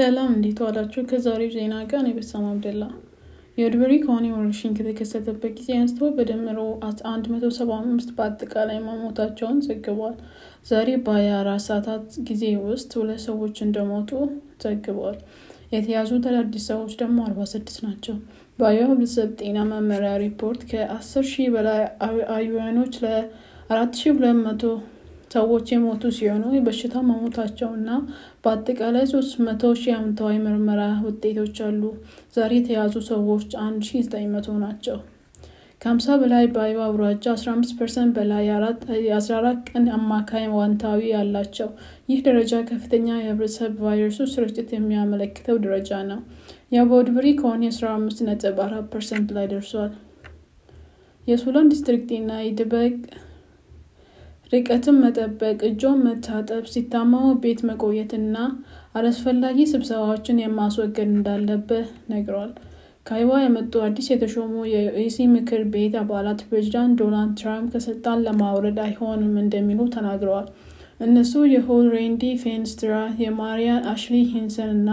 ሰላም እንዴት ዋላችሁ? ከዛሬው ዜና ጋር እኔ በሳም አብደላ። የወድበሪ ከሆነ ወረርሽኝ ከተከሰተበት ጊዜ አንስቶ በደምሮ 175 በአጠቃላይ መሞታቸውን ዘግቧል። ዛሬ በ24 ሰዓታት ጊዜ ውስጥ ሁለት ሰዎች እንደሞቱ ዘግቧል። የተያዙት አዳዲስ ሰዎች ደግሞ 46 ናቸው። በአዊ ህብረተሰብ ጤና መመሪያ ሪፖርት ከ10 ሺህ በላይ አዩኖች ለ4200 ሰዎች የሞቱ ሲሆኑ መሞታቸው እና በአጠቃላይ 300 ሺህ ዓመታዊ ምርመራ ውጤቶች አሉ። ዛሬ የተያዙ ሰዎች 1900 ናቸው። ከ50 በላይ በአይባ አውራጃ 15 ፐርሰንት በላይ የ14 ቀን አማካይ ዋንታዊ ያላቸው። ይህ ደረጃ ከፍተኛ የህብረተሰብ ቫይረሱ ስርጭት የሚያመለክተው ደረጃ ነው። የቦድብሪ ከሆነ 15 ነጥብ 4 ፐርሰንት ላይ ደርሷል። የሱላን ዲስትሪክት እና የድበቅ ርቀትን መጠበቅ፣ እጆን መታጠብ፣ ሲታመሙ ቤት መቆየትና አላስፈላጊ ስብሰባዎችን የማስወገድ እንዳለብህ ነግሯል። ከአይዋ የመጡ አዲስ የተሾሙ የዩሲ ምክር ቤት አባላት ፕሬዚዳንት ዶናልድ ትራምፕ ከስልጣን ለማውረድ አይሆንም እንደሚሉ ተናግረዋል። እነሱ የሆል ሬንዲ ፌንስትራ፣ የማሪያን አሽሊ ሂንሰን እና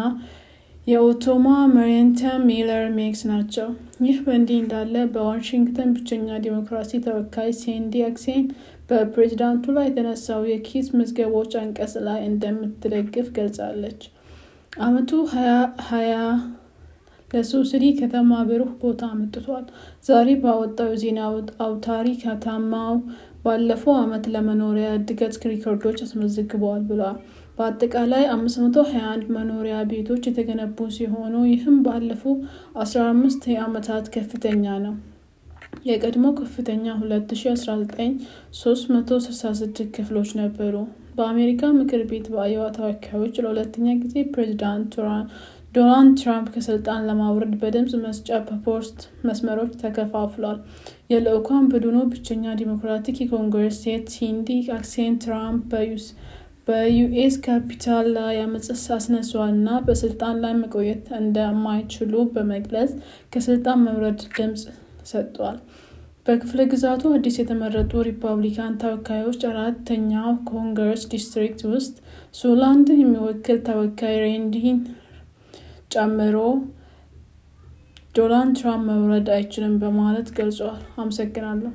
የኦቶማ ማሪንተም ሚለር ሜክስ ናቸው። ይህ በእንዲህ እንዳለ በዋሽንግተን ብቸኛ ዲሞክራሲ ተወካይ ሴንዲ አክሴን በፕሬዚዳንቱ ላይ የተነሳው የኪስ ምዝገቦች አንቀጽ ላይ እንደምትደግፍ ገልጻለች። አመቱ ሀያ ለሶስሪ ከተማ ብሩህ ቦታ አምጥቷል። ዛሬ ባወጣው የዜና አውታሪ ከተማው ባለፈው አመት ለመኖሪያ እድገት ሪኮርዶች አስመዝግበዋል ብለዋል። በአጠቃላይ 521 መኖሪያ ቤቶች የተገነቡ ሲሆኑ ይህም ባለፉ 15 ዓመታት ከፍተኛ ነው። የቀድሞ ከፍተኛ 2019 366 ክፍሎች ነበሩ። በአሜሪካ ምክር ቤት በአይዋ ተወካዮች ለሁለተኛ ጊዜ ፕሬዚዳንት ዶናልድ ትራምፕ ከስልጣን ለማውረድ በድምፅ መስጫ በፖስት መስመሮች ተከፋፍሏል። የልዑካን ቡድኑ ብቸኛ ዲሞክራቲክ የኮንግረስ ሴት ሲንዲ አክሴን ትራምፕ በዩስ በዩኤስ ካፒታል ላይ አመፅስ አስነሷና በስልጣን ላይ መቆየት እንደማይችሉ በመግለጽ ከስልጣን መውረድ ድምፅ ሰጥቷል። በክፍለ ግዛቱ አዲስ የተመረጡ ሪፐብሊካን ተወካዮች አራተኛው ኮንግረስ ዲስትሪክት ውስጥ ሱላንድን የሚወክል ተወካይ ሬንዲን ጨምሮ ዶናልድ ትራምፕ መውረድ አይችልም በማለት ገልጿል። አመሰግናለሁ።